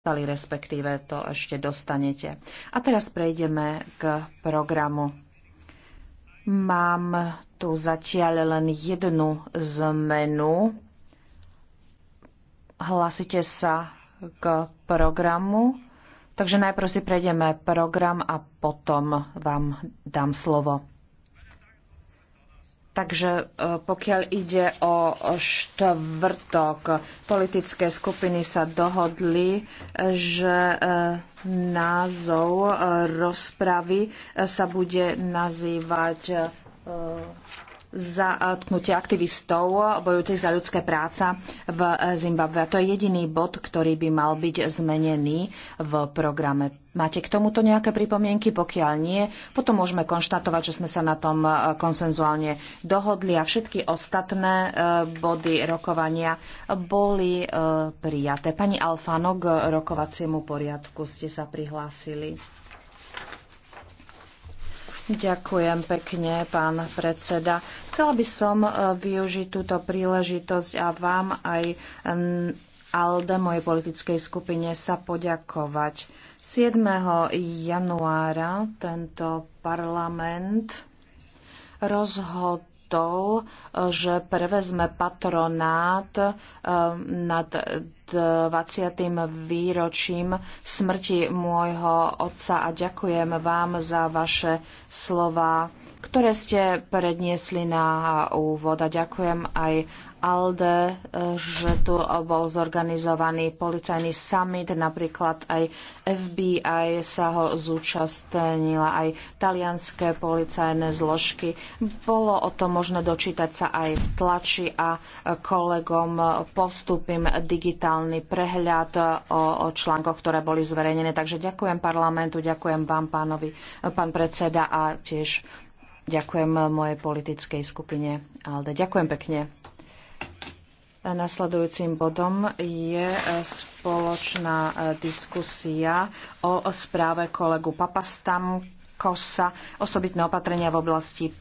dostali, respektíve to ešte dostanete. A teraz prejdeme k programu. Mám tu zatiaľ len jednu zmenu. Hlasíte sa k programu. Takže najprv si prejdeme program a potom vám dám slovo. Takže e, pokiaľ ide o štvrtok, politické skupiny sa dohodli, e, že e, názov rozpravy sa bude nazývať zatknutie aktivistov bojúcich za ľudské práca v Zimbabve. A to je jediný bod, ktorý by mal byť zmenený v programe. Máte k tomuto nejaké pripomienky? Pokiaľ nie, potom môžeme konštatovať, že sme sa na tom e, konsenzuálne dohodli a všetky ostatné e, body rokovania boli e, prijaté. Pani Alfano, k rokovaciemu poriadku ste sa prihlásili. Ďakujem pekne, pán predseda. Chcela by som e, využiť túto príležitosť a vám aj ALDE, mojej politickej skupine, sa poďakovať. 7. januára tento parlament rozhodol kostol, e, že prevezme patronát e, nad 20. výročím smrti môjho otca a ďakujem vám za vaše slova ktoré ste predniesli na úvod. A ďakujem aj ALDE, eh, že tu bol zorganizovaný policajný summit, napríklad aj FBI sa ho zúčastnila, aj talianské policajné zložky. Bolo o tom možné dočítať sa aj v tlači a kolegom postupím digitálny prehľad o, o článkoch, ktoré boli zverejnené. Takže ďakujem parlamentu, ďakujem vám, pánovi, pán predseda a tiež Ďakujem eh, mojej politickej skupine ALDE. Ďakujem pekne. Nasledujúcim bodom je eh, spoločná eh, diskusia o správe kolegu Kosa, osobitné opatrenia v oblasti